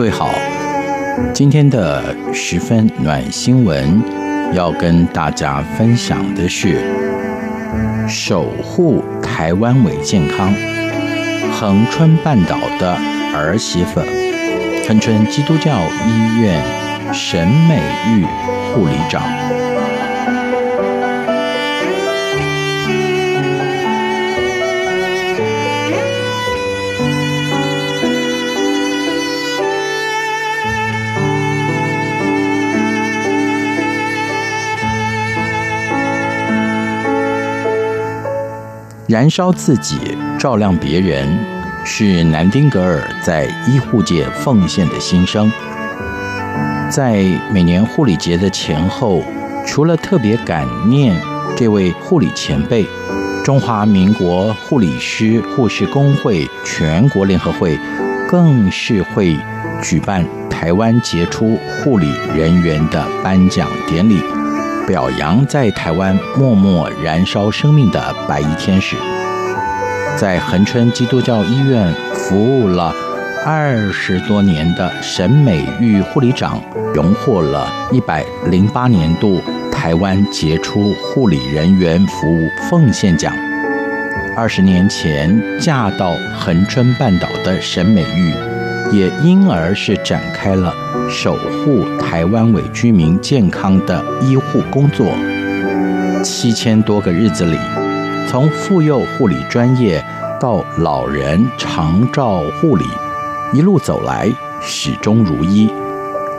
各位好，今天的十分暖新聞，要跟大家分享的是，守護台灣尾健康，恆春半島的兒媳婦，恆春基督教醫院沈美玉護理長。燃燒自己，照亮別人，是南丁格爾在醫護界奉獻的心聲。在每年護理節的前後，除了特別感念這位護理前輩，中華民國護理師護士公會全國聯合會更是會舉辦台灣傑出護理人員的頒獎典禮。表揚在台灣默默燃燒生命的白衣天使，在恆春基督教醫院服務了二十多年的沈美玉護理長，榮獲了一百零八年度台灣傑出護理人員服務奉獻獎。二十年前嫁到恆春半島的沈美玉，也因而是展開了。守護台灣尾居民健康的醫護工作，七千多個日子裡，從婦幼護理專業到老人長照護理，一路走來始終如一，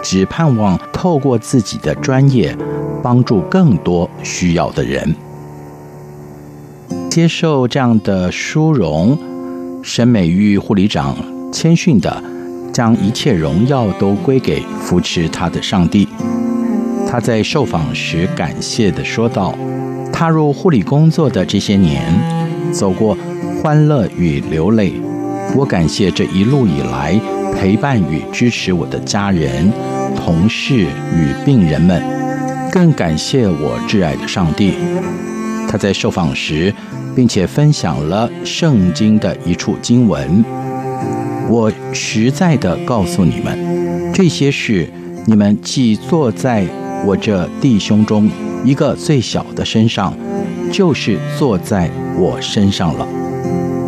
只盼望透過自己的專業，幫助更多需要的人。接受這樣的殊榮，沈美玉護理長謙遜的。將一切榮耀都歸給扶持他的上帝。他在受訪時感謝地說道：“踏入護理工作的這些年，走過歡樂與流淚，我感謝這一路以來陪伴與支持我的家人、同事與病人們，更感謝我摯愛的上帝。”他在受訪時，並且分享了聖經的一處經文。我實在的告訴你們，這些事，你們既做在我這弟兄中一個最小的身上，就是做在我身上了。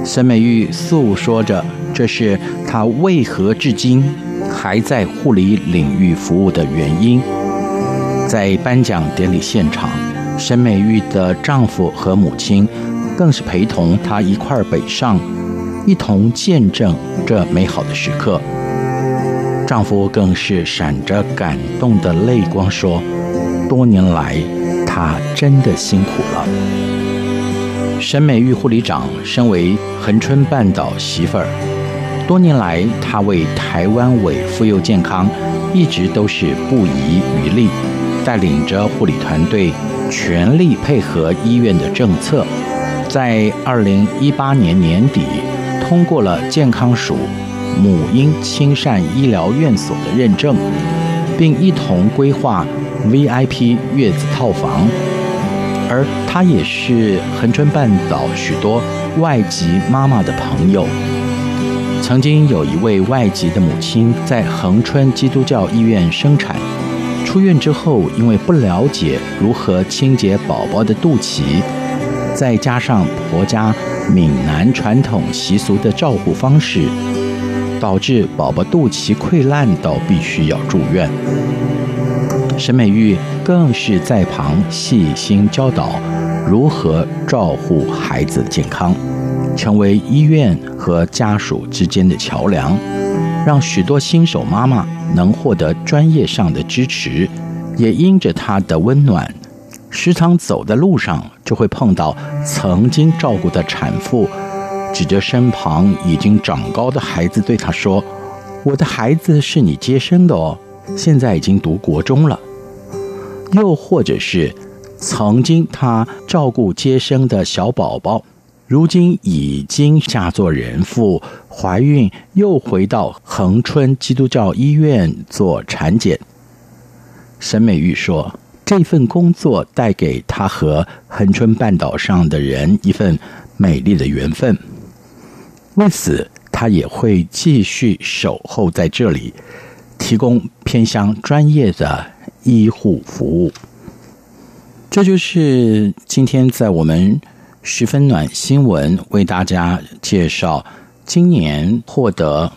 沈美玉訴說着，這是她為何至今還在護理領域服務的原因。在頒獎典禮現場，沈美玉的丈夫和母親，更是陪同她一塊兒北上。一同見證這美好的時刻，丈夫更是閃着感動的淚光說：“多年來，他真的辛苦了。”沈美玉護理長身為恆春半島媳婦兒，多年來她為台灣尾婦幼健康一直都是不遺餘力，帶領着護理團隊全力配合醫院的政策，在二零一八年年底，通過了健康署母嬰親善醫療院所的認證，並一同規劃 VIP 月子套房。而她也是恆春半島許多外籍媽媽的朋友。曾經有一位外籍的母親在恆春基督教醫院生產，出院之後因為不了解如何清潔寶寶的肚臍，再加上婆家。閩南傳統習俗的照護方式，導致寶寶肚臍潰爛到必須要住院。沈美玉更是在旁細心教導如何照顧孩子的健康，成為醫院和家屬之間的橋梁，讓許多新手媽媽能獲得專業上的支持，也因着她的溫暖。時常走在路上，就會碰到曾經照顧的產婦，指着身旁已經長高的孩子對她說：“我的孩子是你接生的哦，現在已經讀國中了。”又或者是曾經她照顧接生的小寶寶，如今已經嫁做人婦，懷孕又回到恆春基督教醫院做產檢。沈美玉說。這份工作帶給他和恆春半島上的人一份美麗的緣分。為此，他也會繼續守候在這裡，提供偏向專業的醫護服務。這就是今天在我們十分暖新聞為大家介紹，今年獲得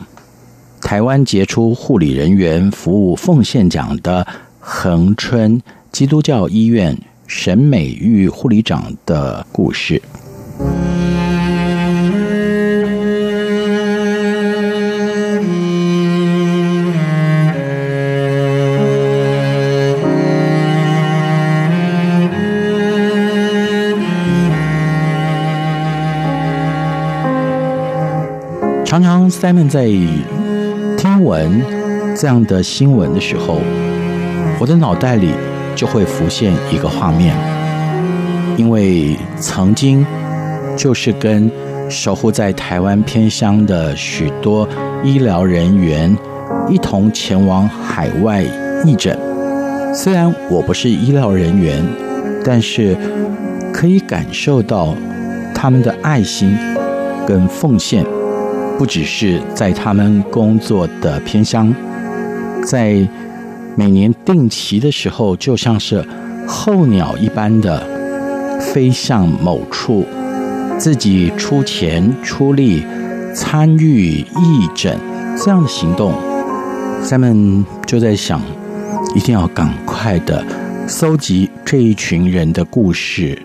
台灣傑出護理人員服務奉獻獎的恆春。基督教醫院沈美玉護理長的故事。常常 Simon 在聽聞這樣的新聞的時候，我的腦袋裡。就會浮現一個畫面，因為曾經就是跟守護在台灣偏鄉的許多醫療人員一同前往海外義診。雖然我不是醫療人員，但是可以感受到他們的愛心跟奉獻，不只是在他們工作的偏鄉，在。每年定期的時候，就像是候鳥一般的飛向某處，自己出錢出力參與義診這樣的行動。咱們就在想，一定要趕快的搜集這一群人的故事，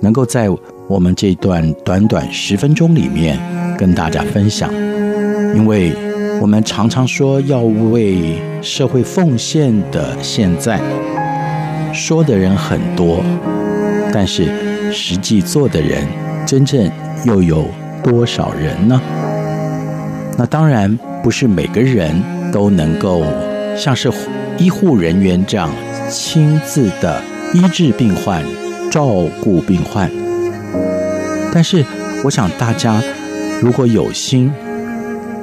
能夠在我們這段短短十分鐘裡面跟大家分享，因為。我們常常說要為社會奉獻的，現在說的人很多，但是實際做的人，真正又有多少人呢？那當然不是每個人都能夠像是醫護人員這樣親自的醫治病患、照顧病患。但是，我想大家如果有心。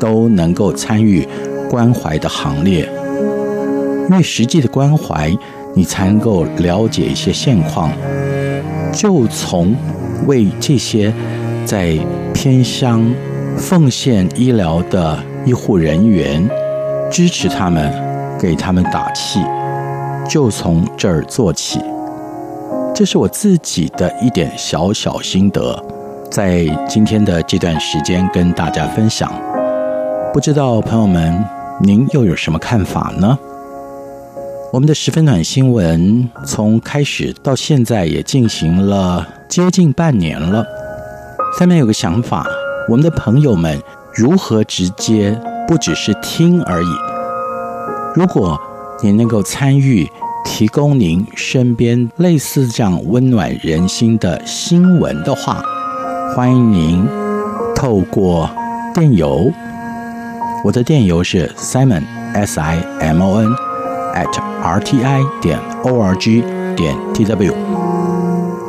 都能夠參與關懷的行列，因為實際的關懷，你才能夠了解一些現況。就從為這些在偏鄉奉獻醫療的醫護人員支持他們，給他們打氣，就從這兒做起。這是我自己的一點小小心得，在今天的這段時間跟大家分享。不知道朋友們，您又有什麼看法呢？我們的十分暖新聞從開始到現在也進行了接近半年了。下面有個想法，我們的朋友們如何直接不只是聽而已？如果您能夠參與提供您身邊類似這樣溫暖人心的新聞的話，歡迎您透過電郵。我的電郵是 Simon S I M O N at R T I 點 O R G 點 T W，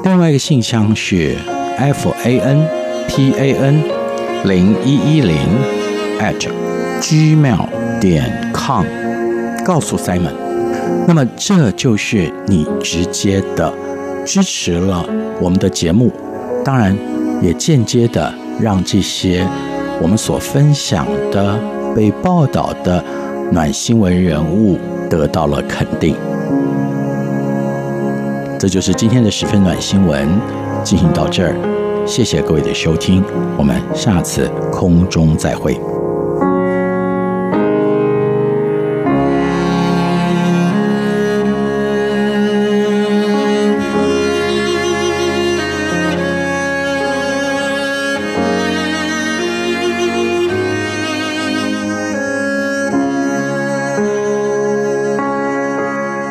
另外一個信箱是 F A N T A N 零一一零 at Gmail 點 com，告訴 Simon，那麼這就是你直接的支持了我們的節目，當然也間接的讓這些我們所分享的。被報道的暖新聞人物得到了肯定，這就是今天的十分暖新聞，進行到這兒，謝謝各位的收聽，我們下次空中再會。